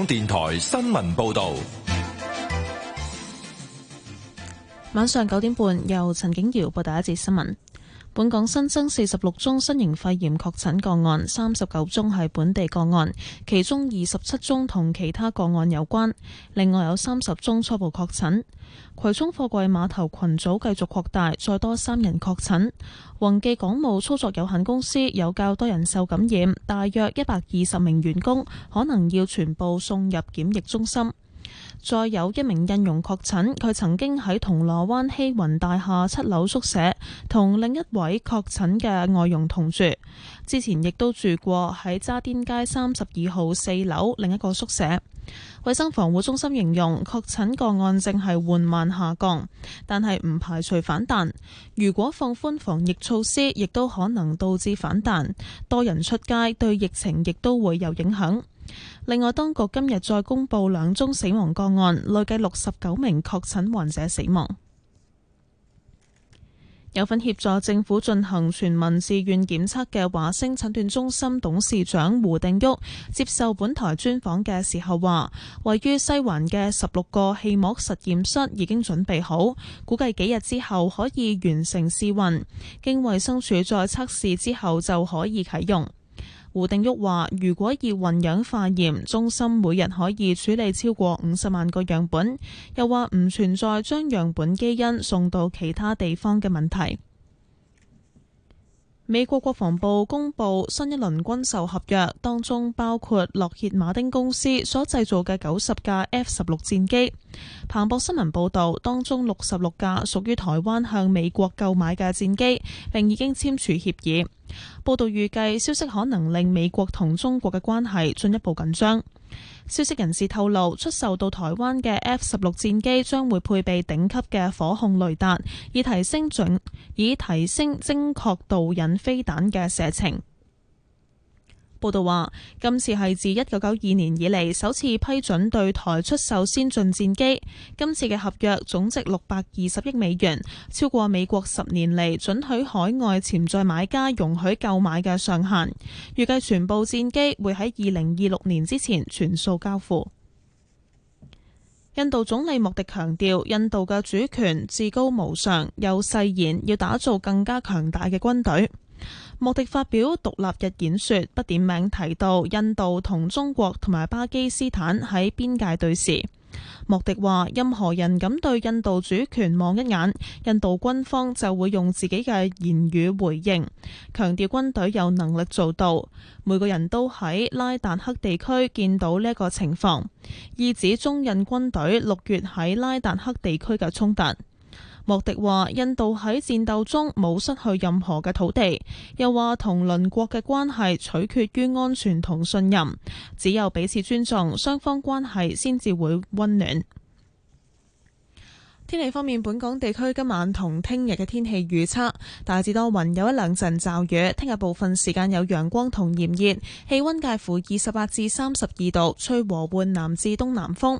香港電台新聞報道，晚上九點半，由陳景瑤報道第一節新聞。本港新增四十六宗新型肺炎確診個案，三十九宗係本地個案，其中二十七宗同其他個案有關。另外有三十宗初步確診。葵涌貨櫃碼頭群組繼續擴大，再多三人確診。宏記港務操作有限公司有較多人受感染，大約一百二十名員工可能要全部送入檢疫中心。再有一名印傭確診，佢曾經喺銅鑼灣希雲大廈七樓宿舍同另一位確診嘅外傭同住，之前亦都住過喺渣甸街三十二號四樓另一個宿舍。衛生防護中心形容，確診個案正係緩慢下降，但係唔排除反彈。如果放寬防疫措施，亦都可能導致反彈。多人出街對疫情亦都會有影響。另外，當局今日再公布兩宗死亡個案，累計六十九名確診患者死亡。有份協助政府進行全民志願檢測嘅華星診斷中心董事長胡定旭接受本台專訪嘅時候話，位於西環嘅十六個氣膜實驗室已經準備好，估計幾日之後可以完成試運，經衛生署再測試之後就可以啟用。胡定旭話：如果以混樣化驗，中心每日可以處理超過五十萬個樣本，又話唔存在將樣本基因送到其他地方嘅問題。美國國防部公布新一輪軍售合約，當中包括洛歇馬丁公司所製造嘅九十架 F 十六戰機。彭博新聞報道，當中六十六架屬於台灣向美國購買嘅戰機，並已經簽署協議。報道預計，消息可能令美國同中國嘅關係進一步緊張。消息人士透露，出售到台灣嘅 F 十六戰機將會配備頂級嘅火控雷達，以提升準，以提升精確導引飛彈嘅射程。報道話，今次係自一九九二年以嚟首次批准對台出售先進戰機。今次嘅合約總值六百二十億美元，超過美國十年嚟准許海外潛在買家容許購買嘅上限。預計全部戰機會喺二零二六年之前全數交付。印度總理莫迪強調，印度嘅主權至高無上，又誓言要打造更加強大嘅軍隊。莫迪發表獨立日演說，不點名提到印度同中國同埋巴基斯坦喺邊界對峙。莫迪話：任何人敢對印度主權望一眼，印度軍方就會用自己嘅言語回應，強調軍隊有能力做到。每個人都喺拉達克地區見到呢個情況，意指中印軍隊六月喺拉達克地區嘅衝突。莫迪話：印度喺戰鬥中冇失去任何嘅土地，又話同鄰國嘅關係取決於安全同信任，只有彼此尊重，雙方關係先至會温暖。天氣方面，本港地區今晚同聽日嘅天氣預測大致多雲，有一兩陣驟雨。聽日部分時間有陽光同炎熱，氣温介乎二十八至三十二度，吹和緩南至東南風。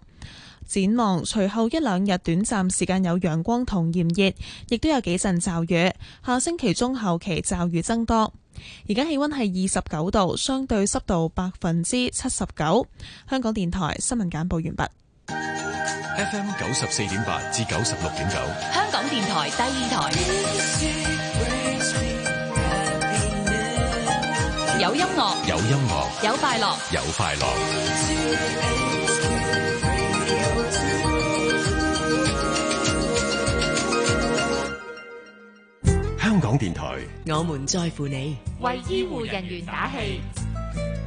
展望，隨後一兩日短暫時間有陽光同炎熱，亦都有幾陣驟雨。下星期中後期驟雨增多。而家氣溫係二十九度，相對濕度百分之七十九。香港電台新聞簡報完畢。FM 九十四點八至九十六點九，香港電台第二台，有音樂，有音樂，有快樂，有快樂。香港電台，我們在乎你，為醫護人員打氣。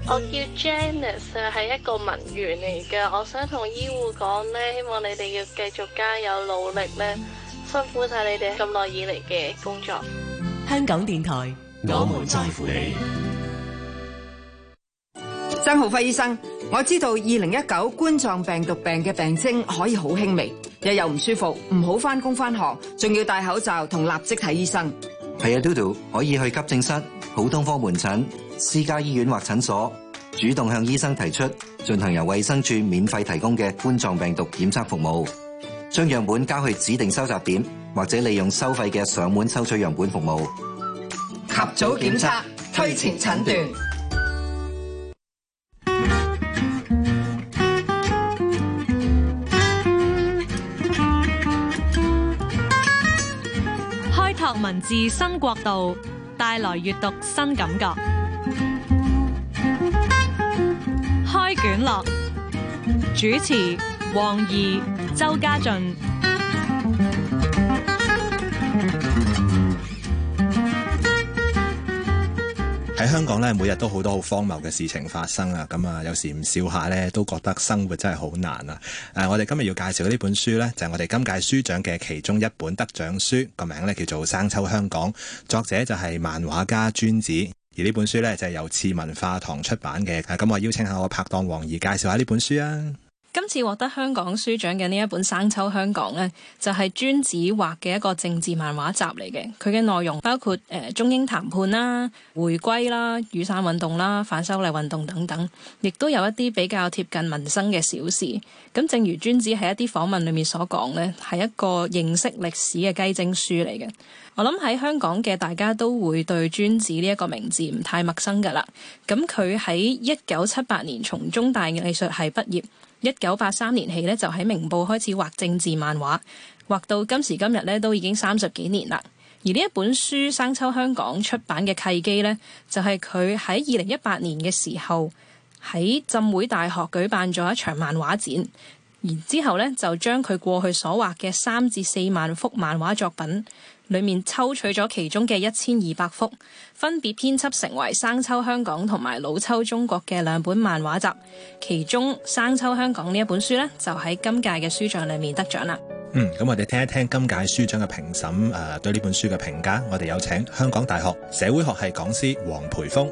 我叫 Janice，係一個文員嚟嘅，我想同醫護講呢，希望你哋要繼續加油努力呢，辛苦晒你哋咁耐以嚟嘅工作。香港電台，我們在乎你。曾浩輝醫生，我知道二零一九冠狀病毒病嘅病徵可以好輕微，日又唔舒服，唔好翻工翻學，仲要戴口罩同立即睇醫生。係啊，Dodo 可以去急症室、普通科門診、私家醫院或診所，主動向醫生提出進行由衛生署免費提供嘅冠狀病毒檢測服務，將樣本交去指定收集點或者利用收費嘅上門抽取樣本服務，及早檢測，檢測推前診斷。自新國度帶來閱讀新感覺。開卷樂主持黃怡、周家俊。喺香港咧，每日都好多好荒謬嘅事情發生啊！咁、嗯、啊，有時唔笑下咧，都覺得生活真係好難啊！誒、啊，我哋今日要介紹嘅呢本書呢，就係、是、我哋今屆書獎嘅其中一本得獎書，個名咧叫做《生抽香港》，作者就係漫畫家尊子，而呢本書呢，就係、是、由次文化堂出版嘅。咁、啊、我邀請下我拍檔黃儀介紹下呢本書啊！今次獲得香港書獎嘅呢一本《生抽香港》呢，就係、是、尊子畫嘅一個政治漫畫集嚟嘅。佢嘅內容包括誒、呃、中英談判啦、回歸啦、雨傘運動啦、反修例運動等等，亦都有一啲比較貼近民生嘅小事。咁，正如尊子喺一啲訪問裏面所講，呢係一個認識歷史嘅雞精書嚟嘅。我諗喺香港嘅大家都會對尊子呢一個名字唔太陌生噶啦。咁佢喺一九七八年從中大藝術系畢業。一九八三年起呢，就喺明報開始畫政治漫畫，畫到今時今日呢，都已經三十幾年啦。而呢一本書生抽香港出版嘅契機呢，就係佢喺二零一八年嘅時候喺浸會大學舉辦咗一場漫畫展，然之後呢就將佢過去所畫嘅三至四萬幅漫畫作品。裏面抽取咗其中嘅一千二百幅，分別編輯成為《生抽香港》同埋《老抽中國》嘅兩本漫畫集。其中《生抽香港》呢一本書呢，就喺今屆嘅書獎裏面得獎啦。嗯，咁我哋聽一聽今屆書獎嘅評審誒對呢本書嘅評價。我哋有請香港大學社會學系講師黃培峰。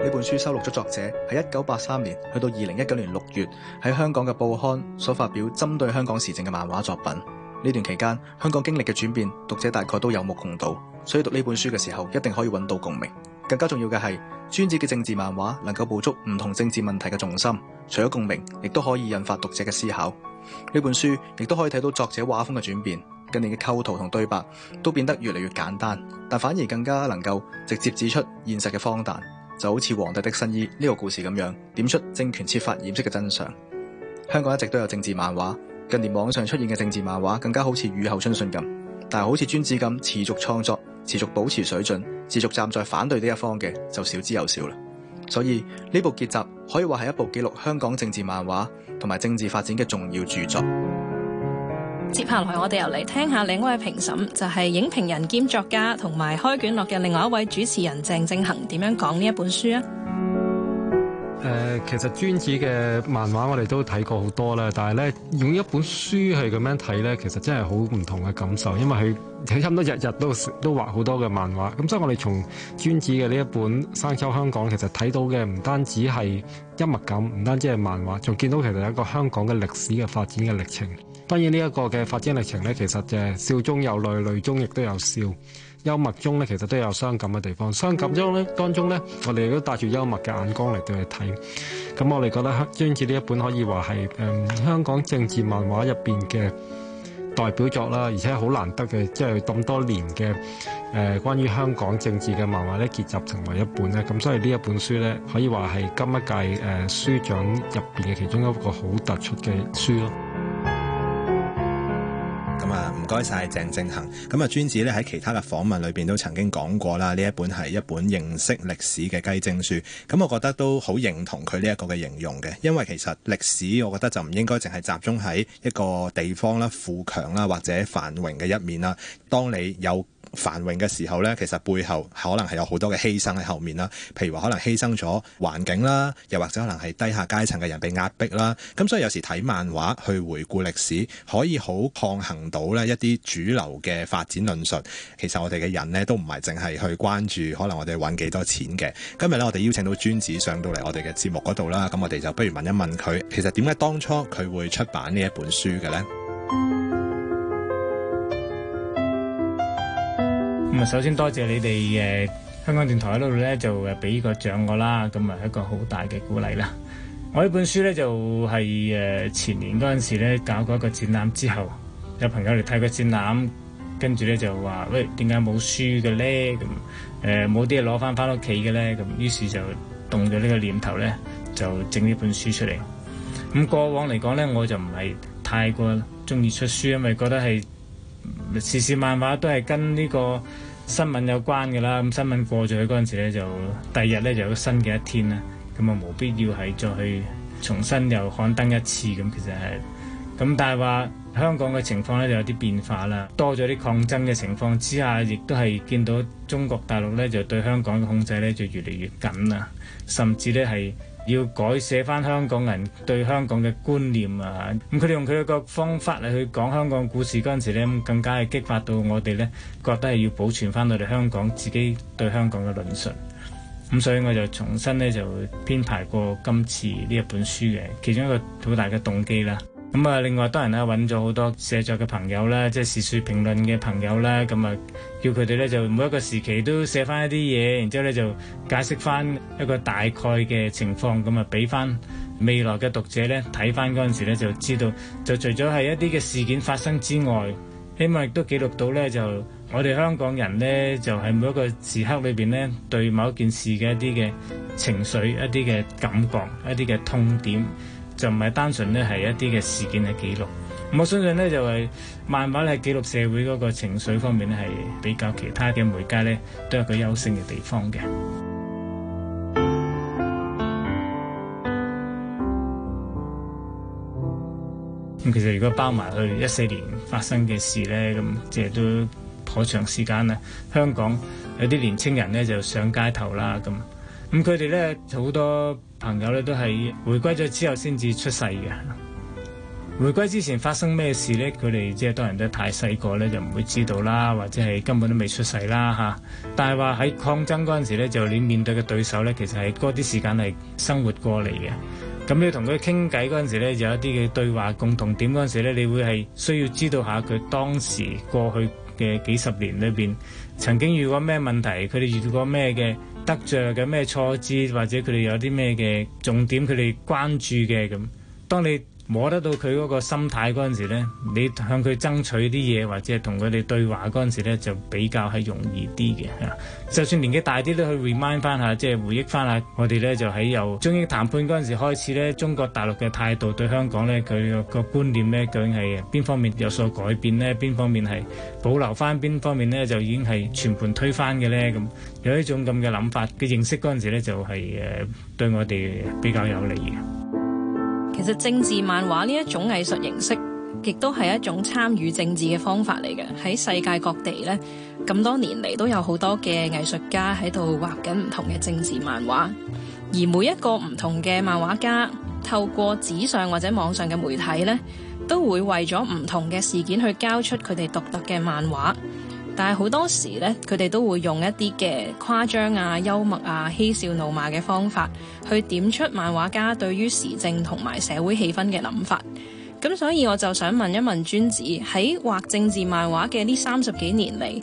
呢本書收錄咗作者喺一九八三年去到二零一九年六月喺香港嘅報刊所發表針對香港時政嘅漫畫作品。呢段期間，香港經歷嘅轉變，讀者大概都有目共睹，所以讀呢本書嘅時候，一定可以揾到共鳴。更加重要嘅係，尊子嘅政治漫畫能夠捕捉唔同政治問題嘅重心，除咗共鳴，亦都可以引發讀者嘅思考。呢本書亦都可以睇到作者畫風嘅轉變，近年嘅構圖同對白都變得越嚟越簡單，但反而更加能夠直接指出現實嘅荒誕。就好似《皇帝的新衣》呢個故事咁樣，點出政權設法掩飾嘅真相。香港一直都有政治漫畫。近年網上出現嘅政治漫畫更加好似雨後春笋咁，但係好似尊子咁持續創作、持續保持水準、持續站在反對的一方嘅就少之又少啦。所以呢部結集可以話係一部記錄香港政治漫畫同埋政治發展嘅重要著作。接下來我哋又嚟聽下另一位評審，就係、是、影評人兼作家同埋開卷樂嘅另外一位主持人鄭正恆點樣講呢一本書啊。誒、呃，其實尊子嘅漫畫我哋都睇過好多啦，但係呢，用一本書去咁樣睇呢，其實真係好唔同嘅感受，因為佢佢差唔多日日都都畫好多嘅漫畫。咁所以我哋從尊子嘅呢一本《生抽香港》，其實睇到嘅唔單止係幽默感，唔單止係漫畫，仲見到其實有一個香港嘅歷史嘅發展嘅歷程。當然呢一個嘅發展歷程呢，其實就係笑中有淚，淚中亦都有笑。幽默中咧，其實都有傷感嘅地方。傷感中咧，當中咧，我哋都帶住幽默嘅眼光嚟到去睇。咁我哋覺得尊子呢一本可以話係誒香港政治漫畫入邊嘅代表作啦，而且好難得嘅，即係咁多年嘅誒、呃、關於香港政治嘅漫畫咧結集成為一本咧。咁所以呢一本書咧，可以話係今一屆誒、呃、書獎入邊嘅其中一個好突出嘅書咯。咁啊，唔該晒鄭正恒。咁、嗯、啊，尊子咧喺其他嘅訪問裏邊都曾經講過啦。呢一本係一本認識歷史嘅雞精書。咁、嗯、我覺得都好認同佢呢一個嘅形容嘅，因為其實歷史我覺得就唔應該淨係集中喺一個地方啦、富強啦或者繁榮嘅一面啦。當你有繁榮嘅時候呢，其實背後可能係有好多嘅犧牲喺後面啦。譬如話，可能犧牲咗環境啦，又或者可能係低下階層嘅人被壓迫啦。咁所以有時睇漫畫去回顧歷史，可以好抗衡到呢一啲主流嘅發展論述。其實我哋嘅人呢，都唔係淨係去關注，可能我哋揾幾多錢嘅。今日呢，我哋邀請到尊子上到嚟我哋嘅節目嗰度啦。咁我哋就不如問一問佢，其實點解當初佢會出版呢一本書嘅呢？咁啊，首先多謝你哋誒、呃、香港電台喺度咧，就誒俾個獎我啦，咁啊一個好大嘅鼓勵啦。我呢本書咧就係誒前年嗰陣時咧搞過一個展覽之後，有朋友嚟睇個展覽，跟住咧就話：喂，點解冇書嘅咧？咁誒冇啲嘢攞翻翻屋企嘅咧？咁於是就動咗呢個念頭咧，就整呢本書出嚟。咁過往嚟講咧，我就唔係太過中意出書，因為覺得係。時事漫畫都係跟呢個新聞有關嘅啦。咁新聞過咗去嗰陣時呢，就第二日呢就有新嘅一天啦。咁啊，冇必要係再去重新又刊登一次咁，其實係咁。但係話香港嘅情況呢就有啲變化啦，多咗啲抗爭嘅情況之下，亦都係見到中國大陸呢就對香港嘅控制呢就越嚟越緊啦，甚至呢係。要改寫翻香港人對香港嘅觀念啊！咁佢哋用佢一個方法嚟去講香港故事嗰陣時咧，更加係激發到我哋咧覺得係要保存翻我哋香港自己對香港嘅論述。咁所以我就重新咧就編排過今次呢一本書嘅其中一個好大嘅動機啦。咁啊，另外當然多人咧揾咗好多寫作嘅朋友啦，即係時事評論嘅朋友啦，咁啊，叫佢哋咧就每一個時期都寫翻一啲嘢，然之後咧就解釋翻一個大概嘅情況，咁啊，俾翻未來嘅讀者咧睇翻嗰陣時咧就知道，就除咗係一啲嘅事件發生之外，希望亦都記錄到咧就我哋香港人咧就喺每一個時刻裏邊咧對某一件事嘅一啲嘅情緒，一啲嘅感覺，一啲嘅痛點。就唔係單純咧，係一啲嘅事件嘅記錄。我相信咧，就係漫畫咧，記錄社會嗰個情緒方面咧，係比較其他嘅媒介咧，都有個優勝嘅地方嘅。咁 其實如果包埋去一四年發生嘅事咧，咁即係都頗長時間啦。香港有啲年青人咧就上街頭啦，咁咁佢哋咧好多。朋友咧都係回歸咗之後先至出世嘅，回歸之前發生咩事呢？佢哋即係當年都太細個咧，就唔會知道啦，或者係根本都未出世啦嚇。但係話喺抗爭嗰陣時咧，就你面對嘅對手呢，其實係嗰啲時間係生活過嚟嘅。咁你同佢傾偈嗰陣時咧，有一啲嘅對話共同點嗰陣時咧，你會係需要知道下佢當時過去嘅幾十年裏邊曾經遇過咩問題，佢哋遇過咩嘅。得著嘅咩挫折，或者佢哋有啲咩嘅重點，佢哋關注嘅咁。當你摸得到佢嗰個心態嗰陣時呢，你向佢爭取啲嘢，或者同佢哋對話嗰陣時呢，就比較係容易啲嘅嚇。就算年紀大啲都去 remind 翻下，即係回憶翻下我哋呢，就喺由中英談判嗰陣時開始呢，中國大陸嘅態度對香港呢，佢個個觀念呢，究竟係邊方面有所改變呢？邊方面係保留翻，邊方面呢，就已經係全盤推翻嘅呢？咁。有呢種咁嘅諗法嘅認識嗰陣時呢，就係誒對我哋比較有利嘅。其實政治漫畫呢一種藝術形式，亦都係一種參與政治嘅方法嚟嘅。喺世界各地呢，咁多年嚟，都有好多嘅藝術家喺度畫緊唔同嘅政治漫畫。而每一個唔同嘅漫畫家，透過紙上或者網上嘅媒體呢，都會為咗唔同嘅事件去交出佢哋獨特嘅漫畫。但係好多時咧，佢哋都會用一啲嘅誇張啊、幽默啊、嬉笑怒罵嘅方法去點出漫畫家對於時政同埋社會氣氛嘅諗法。咁所以我就想問一問尊子喺畫政治漫畫嘅呢三十幾年嚟，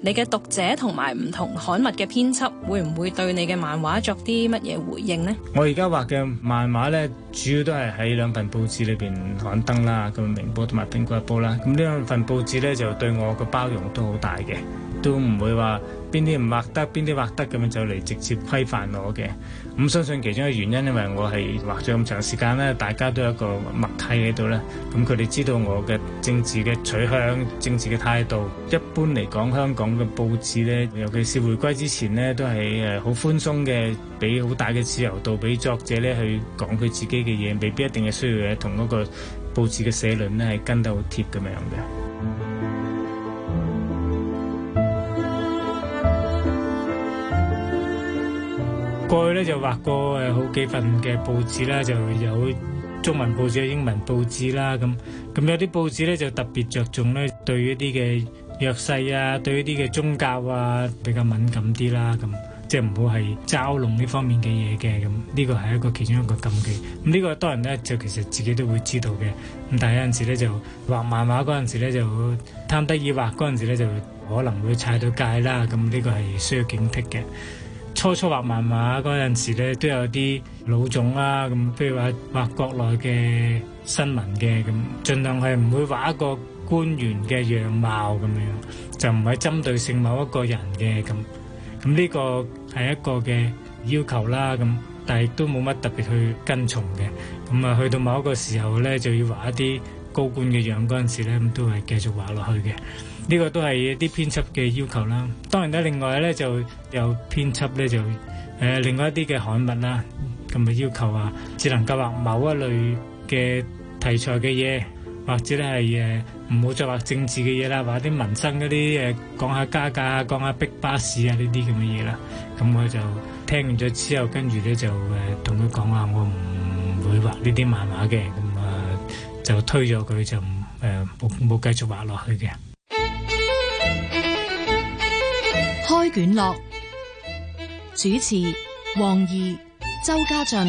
你嘅讀者同埋唔同刊物嘅編輯會唔會對你嘅漫畫作啲乜嘢回應呢？我而家畫嘅漫畫呢，主要都係喺兩份報紙裏邊刊登啦，咁《明報》同埋《蘋果日報》啦。咁呢兩份報紙呢，就對我嘅包容都好大嘅，都唔會話邊啲唔畫得，邊啲畫得咁樣就嚟直接規範我嘅。咁相信其中一個原因，因為我係畫咗咁長時間咧，大家都有一個默契喺度咧。咁佢哋知道我嘅政治嘅取向、政治嘅態度。一般嚟講，香港嘅報紙呢，尤其是回歸之前呢，都係誒好寬鬆嘅，俾好大嘅自由度俾作者呢去講佢自己嘅嘢，未必一定係需要嘅同嗰個報紙嘅社論呢，係跟得好貼咁樣嘅。過去咧就畫過誒好幾份嘅報紙啦，就有中文報紙、有英文報紙啦咁。咁有啲報紙咧就特別着重咧對於一啲嘅弱勢啊，對於一啲嘅宗教啊比較敏感啲啦。咁即係唔好係嘲弄呢方面嘅嘢嘅。咁呢個係一個其中一個禁忌。咁呢個當然咧就其實自己都會知道嘅。咁但係有陣時咧就畫漫畫嗰陣時咧就貪得意畫嗰陣時咧就可能會踩到界啦。咁呢個係需要警惕嘅。初初畫漫畫嗰陣時咧，都有啲老總啦，咁譬如話畫國內嘅新聞嘅咁，儘量係唔會畫一個官員嘅樣貌咁樣，就唔係針對性某一個人嘅咁。咁呢個係一個嘅要求啦，咁但係亦都冇乜特別去跟從嘅。咁啊，去到某一個時候咧，就要畫一啲高官嘅樣，嗰陣時咧，咁都係繼續畫落去嘅。呢個都係一啲編輯嘅要求啦。當然啦，另外咧就有編輯咧就誒、呃、另外一啲嘅刊物啦，咁嘅要求啊，只能夠畫某一類嘅題材嘅嘢，或者咧係誒唔好再畫政治嘅嘢啦，畫啲民生嗰啲誒講下加價啊，講下逼巴士啊呢啲咁嘅嘢啦。咁、嗯、我就聽完咗之後，呢呃、跟住咧就誒同佢講話、啊，我唔會畫呢啲漫畫嘅，咁、嗯、啊、呃、就推咗佢，就誒冇冇繼續畫落去嘅。開卷樂，主持：王儀、周家俊。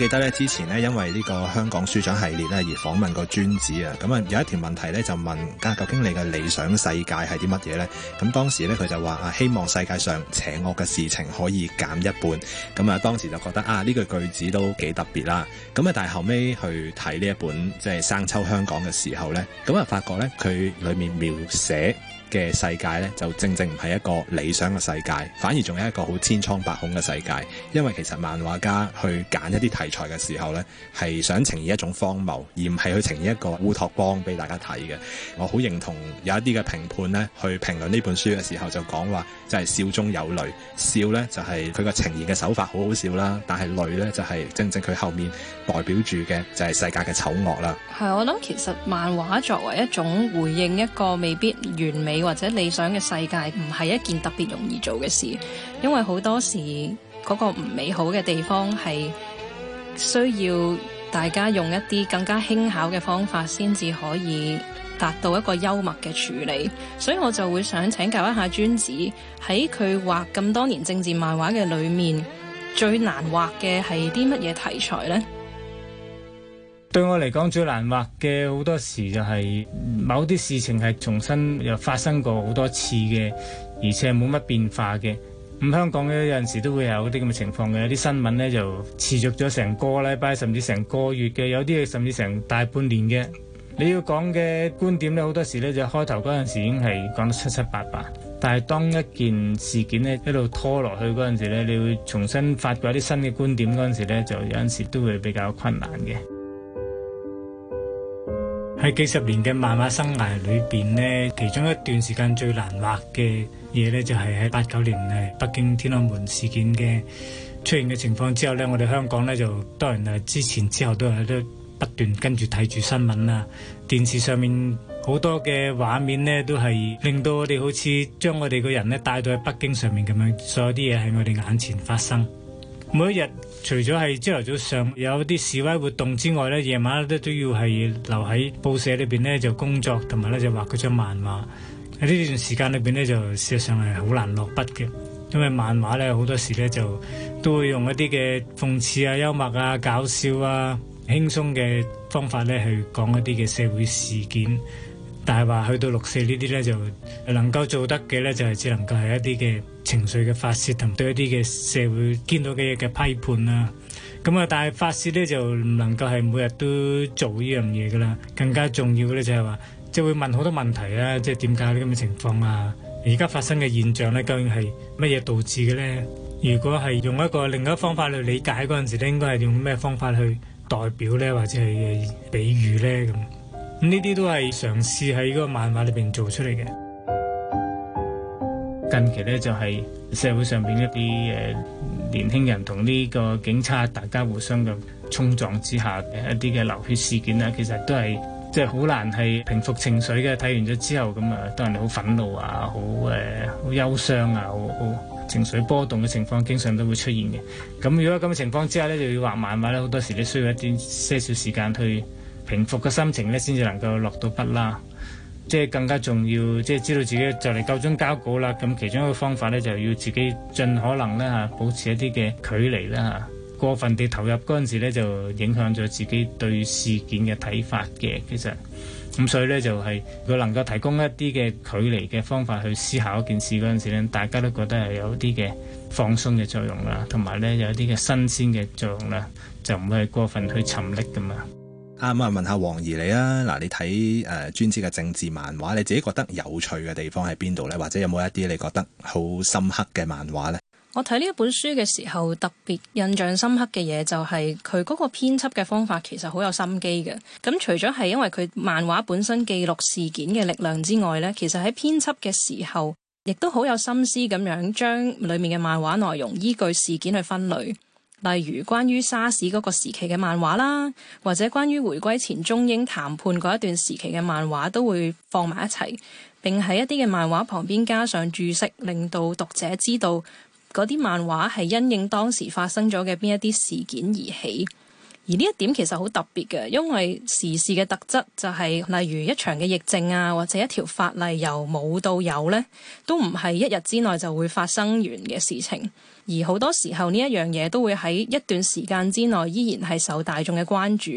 記得咧之前咧，因為呢個香港書獎系列咧而訪問過尊子啊，咁啊有一條問題咧就問咁究竟你嘅理想世界係啲乜嘢咧？咁當時咧佢就話啊，希望世界上邪惡嘅事情可以減一半。咁啊，當時就覺得啊呢句句子都幾特別啦。咁啊，但係後尾去睇呢一本即係《生抽香港》嘅時候咧，咁啊發覺咧佢裡面描寫嘅世界咧，就正正唔係一個理想嘅世界，反而仲有一個好千瘡百孔嘅世界。因為其實漫畫家去揀一啲題材嘅時候咧，係想呈現一種荒謬，而唔係去呈現一個烏托邦俾大家睇嘅。我好認同有一啲嘅評判咧，去評論呢本書嘅時候就講話就係、是、笑中有淚，笑咧就係佢個呈現嘅手法好好笑啦，但係淚咧就係、是、正正佢後面代表住嘅就係世界嘅醜惡啦。係，我諗其實漫畫作為一種回應一個未必完美。或者理想嘅世界唔係一件特別容易做嘅事，因為好多時嗰個唔美好嘅地方係需要大家用一啲更加輕巧嘅方法，先至可以達到一個幽默嘅處理。所以我就會想請教一下，尊子喺佢畫咁多年政治漫畫嘅裏面，最難畫嘅係啲乜嘢題材咧？對我嚟講，最難畫嘅好多時就係某啲事情係重新又發生過好多次嘅，而且冇乜變化嘅。咁香港呢，有陣時都會有啲咁嘅情況嘅。有啲新聞呢，就持續咗成個禮拜，甚至成個月嘅，有啲甚至成大半年嘅。你要講嘅觀點呢，好多時呢就開頭嗰陣時已經係講得七七八八，但係當一件事件呢一路拖落去嗰陣時呢，你會重新發掘一啲新嘅觀點嗰陣時呢就有陣時都會比較困難嘅。喺幾十年嘅漫畫生涯裏邊呢，其中一段時間最難畫嘅嘢呢，就係喺八九年誒，北京天安門事件嘅出現嘅情況之後呢，我哋香港呢，就當然誒，之前之後都係都不斷跟住睇住新聞啦，電視上面好多嘅畫面呢，都係令到我哋好似將我哋個人咧帶到喺北京上面咁樣，所有啲嘢喺我哋眼前發生。每一日除咗係朝頭早上上有啲示威活動之外咧，夜晚咧都都要係留喺報社裏邊咧就工作，同埋咧就畫嗰張漫畫。喺呢段時間裏邊咧，就事實上係好難落筆嘅，因為漫畫咧好多時咧就都會用一啲嘅諷刺啊、幽默啊、搞笑啊、輕鬆嘅方法咧去講一啲嘅社會事件。但係話去到六四呢啲呢，就能夠做得嘅呢，就係只能夠係一啲嘅情緒嘅發泄，同埋對一啲嘅社會見到嘅嘢嘅批判啦。咁啊，但係發泄呢，就唔能夠係每日都做呢樣嘢噶啦。更加重要呢，就係話，即係會問好多問題啊，即係點解呢？咁嘅情況啊？而家發生嘅現象呢，究竟係乜嘢導致嘅呢？如果係用一個另一個方法去理解嗰陣時呢，應該係用咩方法去代表呢？或者係比喻呢？咁？呢啲都係嘗試喺嗰個漫畫裏邊做出嚟嘅。近期呢，就係、是、社會上邊一啲誒年輕人同呢個警察大家互相嘅衝撞之下，嘅一啲嘅流血事件咧，其實都係即係好難係平復情緒嘅。睇完咗之後咁啊，當然你好憤怒啊，好誒，好、呃、憂傷啊，好好情緒波動嘅情況，經常都會出現嘅。咁如果咁嘅情況之下呢，就要畫漫畫呢，好多時你需要一啲些，些少時間去平復嘅心情咧，先至能夠落到筆啦。即係更加重要，即係知道自己就嚟夠鐘交稿啦。咁其中一個方法咧，就要自己盡可能咧嚇保持一啲嘅距離啦嚇。過分地投入嗰陣時咧，就影響咗自己對事件嘅睇法嘅。其實咁所以咧就係、是、佢能夠提供一啲嘅距離嘅方法去思考一件事嗰陣時咧，大家都覺得係有啲嘅放鬆嘅作用啦，同埋咧有一啲嘅新鮮嘅作用啦，就唔會係過分去沉溺噶嘛。啱啊！問下黃儀你啊，嗱，你睇誒、呃、專輯嘅政治漫畫，你自己覺得有趣嘅地方喺邊度呢？或者有冇一啲你覺得好深刻嘅漫畫呢？我睇呢一本書嘅時候，特別印象深刻嘅嘢就係佢嗰個編輯嘅方法，其實好有心機嘅。咁除咗係因為佢漫畫本身記錄事件嘅力量之外呢，其實喺編輯嘅時候，亦都好有心思咁樣將裡面嘅漫畫內容依據事件去分類。例如關於沙士嗰個時期嘅漫畫啦，或者關於回歸前中英談判嗰一段時期嘅漫畫，都會放埋一齊。並喺一啲嘅漫畫旁邊加上註釋，令到讀者知道嗰啲漫畫係因應當時發生咗嘅邊一啲事件而起。而呢一點其實好特別嘅，因為時事嘅特質就係、是，例如一場嘅疫症啊，或者一條法例由冇到有呢，都唔係一日之內就會發生完嘅事情。而好多時候呢一樣嘢都會喺一段時間之內依然係受大眾嘅關注，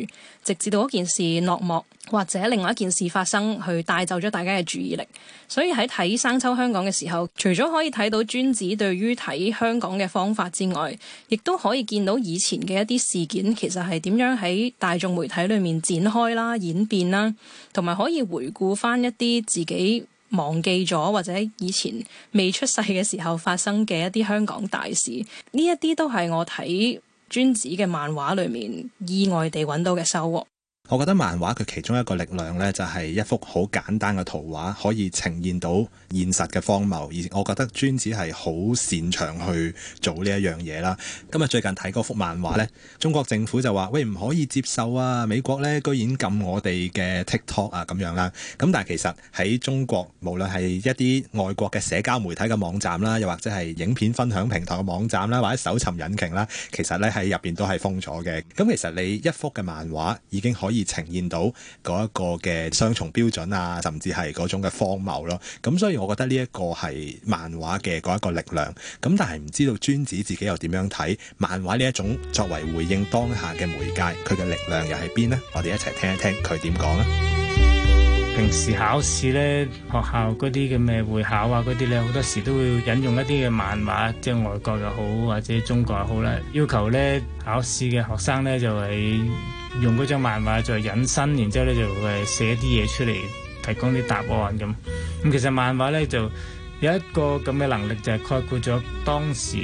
直至到嗰件事落幕，或者另外一件事發生，去帶走咗大家嘅注意力。所以喺睇《生抽香港》嘅時候，除咗可以睇到尊子對於睇香港嘅方法之外，亦都可以見到以前嘅一啲事件其實，係點樣喺大眾媒體裏面展開啦、演變啦，同埋可以回顧翻一啲自己。忘記咗或者以前未出世嘅時候發生嘅一啲香港大事，呢一啲都係我睇尊子嘅漫畫裏面意外地搵到嘅收穫。我覺得漫畫佢其中一個力量呢，就係一幅好簡單嘅圖畫，可以呈現到現實嘅荒謬。而我覺得尊子係好擅長去做呢一樣嘢啦。今日最近睇嗰幅漫畫呢，中國政府就話：喂，唔可以接受啊！美國呢居然禁我哋嘅 TikTok 啊，咁樣啦。咁但係其實喺中國，無論係一啲外國嘅社交媒體嘅網站啦，又或者係影片分享平台嘅網站啦，或者搜尋引擎啦，其實呢喺入邊都係封咗嘅。咁其實你一幅嘅漫畫已經可以。以呈現到嗰一個嘅雙重標準啊，甚至係嗰種嘅荒謬咯。咁所以我覺得呢一個係漫畫嘅嗰一個力量。咁但係唔知道尊子自己又點樣睇漫畫呢一種作為回應當下嘅媒介，佢嘅力量又喺邊呢？我哋一齊聽一聽佢點講呢？平時考試呢，學校嗰啲嘅咩會考啊，嗰啲呢好多時都會引用一啲嘅漫畫，即係外國又好或者中國又好啦。要求呢考試嘅學生呢，就係。用嗰張漫畫就引申，然之後咧就誒寫啲嘢出嚟，提供啲答案咁。咁其實漫畫咧就有一個咁嘅能力，就係概括咗當時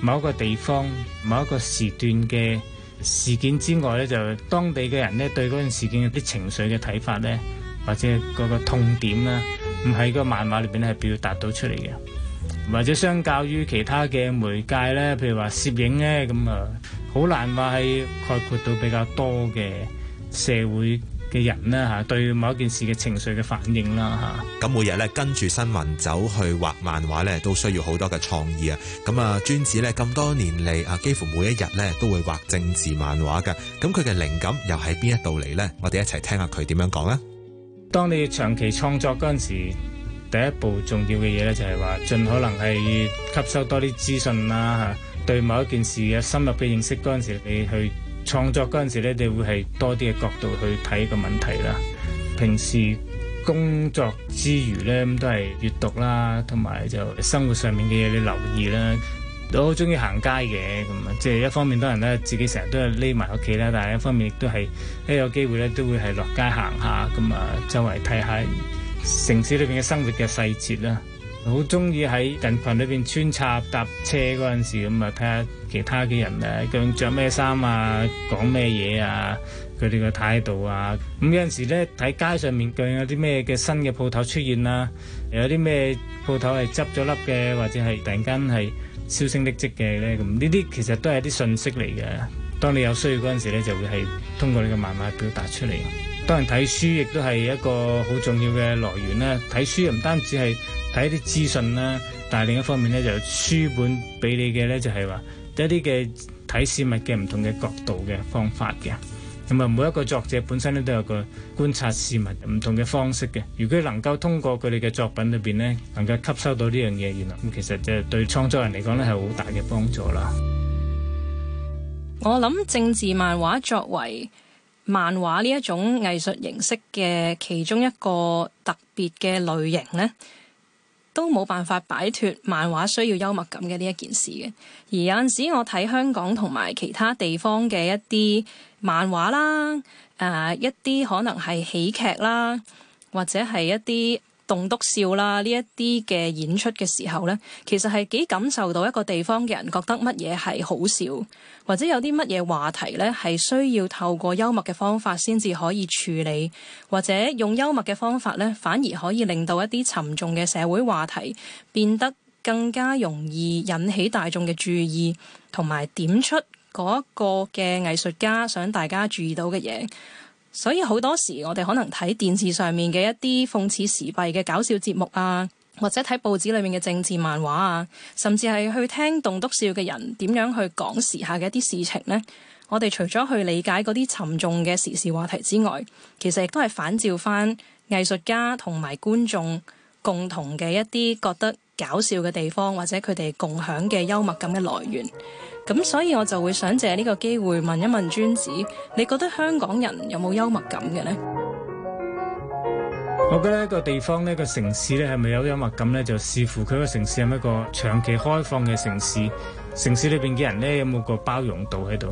某一個地方、某一個時段嘅事件之外咧，就當地嘅人咧對嗰件事件嗰啲情緒嘅睇法咧，或者嗰個痛點啦，唔喺個漫畫裏邊係表達到出嚟嘅，或者相較於其他嘅媒介咧，譬如話攝影咧咁啊。好難話係概括到比較多嘅社會嘅人咧，吓，對某一件事嘅情緒嘅反應啦吓。咁每日咧跟住新聞走去畫漫畫咧，都需要好多嘅創意啊！咁啊，尊子咧咁多年嚟啊，幾乎每一日咧都會畫政治漫畫㗎。咁佢嘅靈感又喺邊一度嚟呢？我哋一齊聽下佢點樣講啦。當你長期創作嗰陣時，第一步重要嘅嘢咧就係話，盡可能係吸收多啲資訊啦吓。對某一件事嘅深入嘅認識，嗰陣時你去創作嗰陣時咧，你會係多啲嘅角度去睇個問題啦。平時工作之餘咧，咁都係閱讀啦，同埋就生活上面嘅嘢你留意啦。都好中意行街嘅，咁啊，即係一方面當然咧，自己成日都係匿埋屋企啦，但係一方面亦都係一有機會咧，都會係落街行下，咁啊，周圍睇下城市裏邊嘅生活嘅細節啦。好中意喺人群裏邊穿插搭車嗰陣時咁啊，睇下其他嘅人咧，究竟着咩衫啊，講咩嘢啊，佢哋嘅態度啊，咁有陣時咧，睇街上面，究竟有啲咩嘅新嘅鋪頭出現啦，啊。有啲咩鋪頭係執咗笠嘅，或者係突然間係銷聲匿跡嘅咧，咁呢啲其實都係一啲信息嚟嘅。當你有需要嗰陣時咧，就會係通過你嘅漫畫表達出嚟。當然，睇書亦都係一個好重要嘅來源啦。睇書又唔單止係。睇啲資訊啦，但係另一方面咧，就書本俾你嘅咧，就係話一啲嘅睇事物嘅唔同嘅角度嘅方法嘅。咁啊，每一個作者本身咧都有個觀察事物唔同嘅方式嘅。如果能夠通過佢哋嘅作品裏邊咧，能夠吸收到呢樣嘢，原來咁其實就對創作人嚟講咧係好大嘅幫助啦。我諗政治漫畫作為漫畫呢一種藝術形式嘅其中一個特別嘅類型咧。都冇辦法擺脱漫畫需要幽默感嘅呢一件事嘅，而有陣時我睇香港同埋其他地方嘅一啲漫畫啦，誒、呃、一啲可能係喜劇啦，或者係一啲，棟篤笑啦，呢一啲嘅演出嘅時候咧，其實，係幾感受到一個地方嘅人覺得乜嘢係好笑，或者有啲乜嘢話題咧係需要透過幽默嘅方法先至可以處理，或者用幽默嘅方法咧反而可以令到一啲沉重嘅社會話題變得更加容易引起大眾嘅注意，同埋點出嗰一個嘅藝術家想大家注意到嘅嘢。所以好多時我哋可能睇電視上面嘅一啲諷刺時弊嘅搞笑節目啊，或者睇報紙裏面嘅政治漫畫啊，甚至係去聽棟篤笑嘅人點樣去講時下嘅一啲事情咧。我哋除咗去理解嗰啲沉重嘅時事話題之外，其實亦都係反照翻藝術家同埋觀眾共同嘅一啲覺得搞笑嘅地方或者佢哋共享嘅幽默感嘅來源，咁所以我就會想借呢個機會問一問尊子，你覺得香港人有冇幽默感嘅咧？我覺得一個地方咧，一個城市咧，係咪有幽默感咧，這個，就視乎佢個城市係咪一個長期開放嘅城市，城市裏邊嘅人咧有冇個包容度喺度。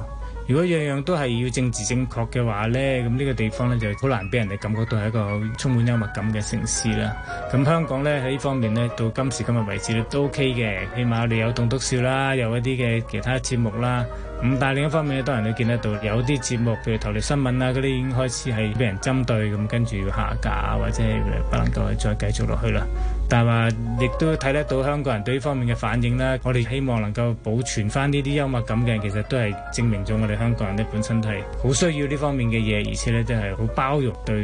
如果樣樣都係要政治正確嘅話咧，咁呢個地方咧就好難俾人哋感覺到係一個充滿幽默感嘅城市啦。咁香港呢，喺呢方面咧，到今時今日為止都 OK 嘅，起碼你有棟篤笑啦，有一啲嘅其他節目啦。咁但係另一方面咧，當然你見得到有啲節目，譬如頭條新聞啊嗰啲已經開始係俾人針對咁，跟住要下架或者係不能夠再繼續落去啦。但係、啊、亦都睇得到香港人對呢方面嘅反應啦、啊，我哋希望能夠保存返呢啲幽默感嘅，其實都係證明咗我哋香港人呢本身係好需要呢方面嘅嘢，而且呢，都係好包容對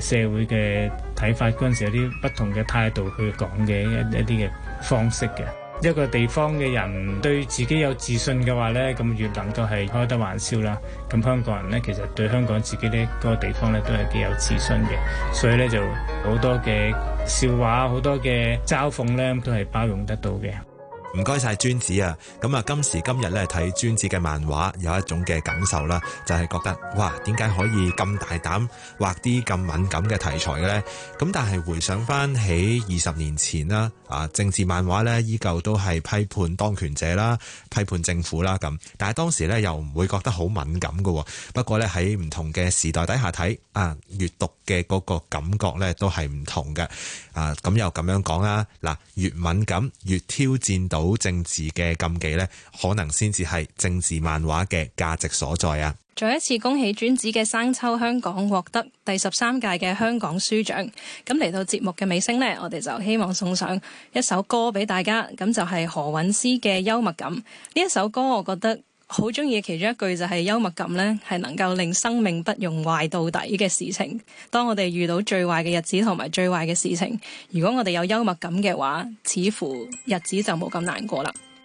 社會嘅睇法嗰時有啲不同嘅態度去講嘅一啲嘅方式嘅。一個地方嘅人對自己有自信嘅話呢，咁越能夠係開得玩笑啦。咁香港人呢，其實對香港自己呢嗰個地方呢，都係幾有自信嘅，所以呢，就好多嘅笑話、好多嘅嘲諷呢，都係包容得到嘅。唔該晒尊子啊！咁啊，今時今日呢，睇尊子嘅漫畫，有一種嘅感受啦，就係、是、覺得哇，點解可以咁大膽畫啲咁敏感嘅題材嘅咧？咁但係回想翻起二十年前啦。啊！政治漫畫咧，依舊都係批判當權者啦，批判政府啦咁。但係當時咧，又唔會覺得好敏感㗎。不過咧，喺唔同嘅時代底下睇，啊，閲讀嘅嗰個感覺咧，都係唔同嘅。啊，咁又咁樣講啦。嗱、啊，越敏感越挑戰到政治嘅禁忌咧，可能先至係政治漫畫嘅價值所在啊！再一次恭喜尊子嘅《生抽香港》獲得第十三屆嘅香港書獎。咁嚟到節目嘅尾聲呢，我哋就希望送上一首歌俾大家，咁就係何韻詩嘅《幽默感》。呢一首歌我覺得好中意，其中一句就係、是、幽默感呢係能夠令生命不用壞到底嘅事情。當我哋遇到最壞嘅日子同埋最壞嘅事情，如果我哋有幽默感嘅話，似乎日子就冇咁難過啦。